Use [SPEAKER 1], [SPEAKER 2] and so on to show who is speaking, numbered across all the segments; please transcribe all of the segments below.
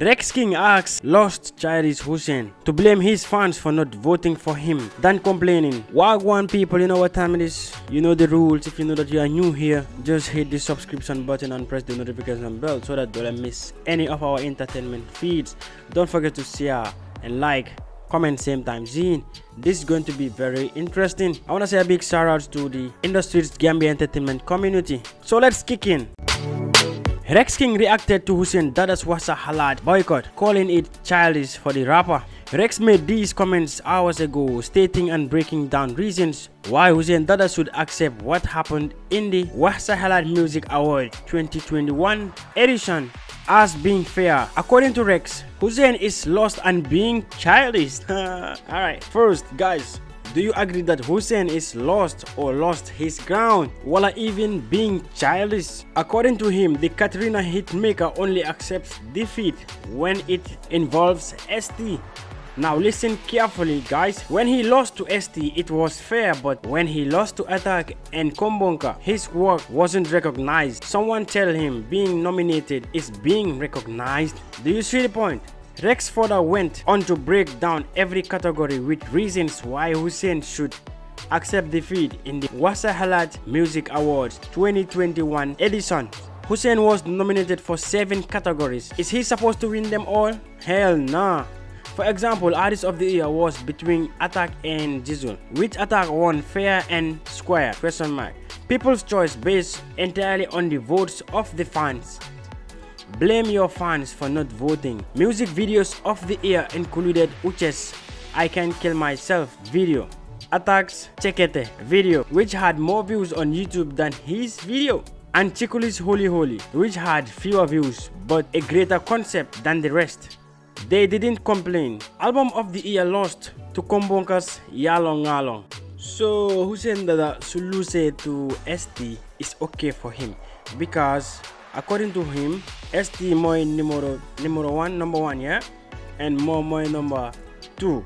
[SPEAKER 1] Rex King asks lost is Hussein to blame his fans for not voting for him, then complaining. Wagwan people, you know what time it is. You know the rules. If you know that you are new here, just hit the subscription button and press the notification bell so that you don't miss any of our entertainment feeds. Don't forget to share and like comment same time zine this is going to be very interesting i want to say a big shout out to the industry's gambia entertainment community so let's kick in Rex King reacted to Hussein Dada's Wasa Halad boycott, calling it childish for the rapper. Rex made these comments hours ago, stating and breaking down reasons why Hussein Dada should accept what happened in the Wasa Halad Music Award 2021 edition as being fair. According to Rex, Hussein is lost and being childish. Alright, first guys, do you agree that Hussein is lost or lost his ground, while even being childish? According to him, the Katrina hitmaker only accepts defeat when it involves ST. Now listen carefully guys, when he lost to ST it was fair but when he lost to Attack and Kombonka, his work wasn't recognized. Someone tell him being nominated is being recognized. Do you see the point? Rex further went on to break down every category with reasons why Hussein should accept defeat in the Wasahalat Music Awards 2021 edition. Hussein was nominated for 7 categories. Is he supposed to win them all? Hell nah. For example, Artist of the Year was between Attack and Jizzle, which Attack won fair and square question mark. People's choice based entirely on the votes of the fans. Blame your fans for not voting. Music videos of the year included Uches I Can Kill Myself video, Attack's Chekete video, which had more views on YouTube than his video, and Chikuli's Holy Holy, which had fewer views but a greater concept than the rest. They didn't complain. Album of the year lost to Kombonka's Yalong Along. So Hussein Dada Suluse to ST is okay for him because according to him, ST Moy numero, numero one, number one, yeah? And Mo Moy number two,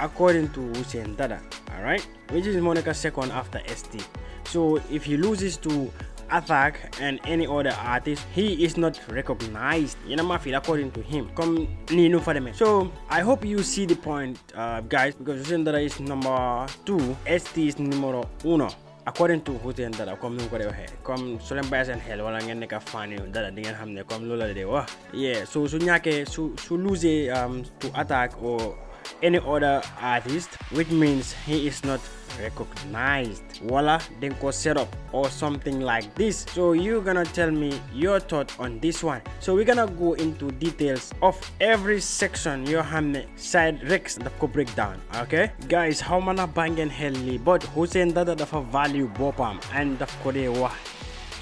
[SPEAKER 1] according to Hussein Dada, alright? Which is Monica second after ST. So if he loses to Attack and any other artist, he is not recognized in a mafia according to him. Come Nino for the man. So I hope you see the point, uh, guys, because Yusendara is number two, ST is numero uno. according to who dara comme ni mu ko dee waxee comme su leen bàyyi seen xel wala ngeen nekk fan yu dara di ngeen xam ne comme loolu la dee yeah so su ñàkkee su su lose um, to attack or any other artist which means he is not recognized voila then go set up or something like this so you're gonna tell me your thought on this one so we're gonna go into details of every section your hamne side Rex. the ko break okay guys how mana bangen helli but that Dada dafa value bopam and of ko dee wax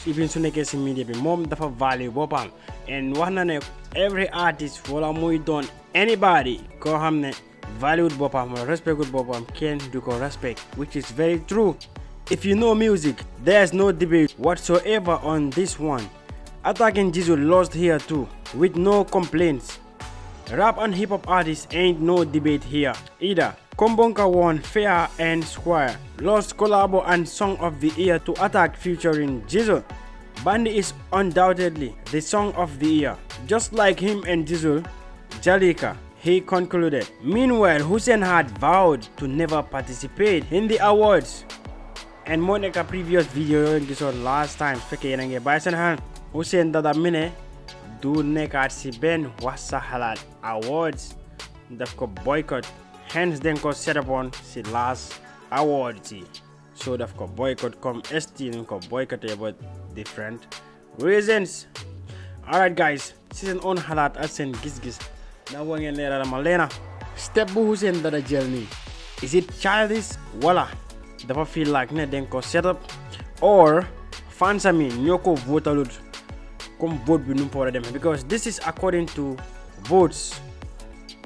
[SPEAKER 1] even soon nekkee si media bi mom dafa value bopam and one ne every artist voila muy don anybody go hamne. Valued Bopam, respected Bopam, do Duko respect, which is very true. If you know music, there's no debate whatsoever on this one. Attacking Jesus lost here too, with no complaints. Rap and hip hop artists ain't no debate here either. Kombonka won fair and square. Lost collabo and song of the year to Attack featuring jesus Bandy is undoubtedly the song of the year. Just like him and jesus Jalika he concluded. Meanwhile, Hussein had vowed to never participate in the awards. And Monica, previous video in this one last time, fake yenenge bison han. Hussein dada mine do nekat si ben wasa halal awards daf ko boycott. Hence then ko set upon si last awards. So daf ko boycott come ST ko boycott about different reasons. Alright guys, season on halat asen gis gis naa ko ngeen leeralal ma leena step bu Hussein Dada jël nii is it childish wala dafa feel like ne den ko set up or fansami ñoo ko votalut comme vote bi nu mu fa war a demee because this is according to votes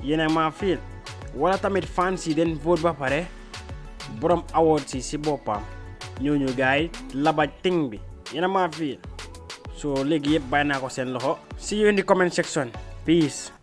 [SPEAKER 1] yéen maa feel wala tamit fans yi den vote ba pare borom awards yi si boppam ñooñu gars yi labaj ting bi yéen maa feel so léegi yëpp bàyyi naa ko seen loxo see you in comment section peace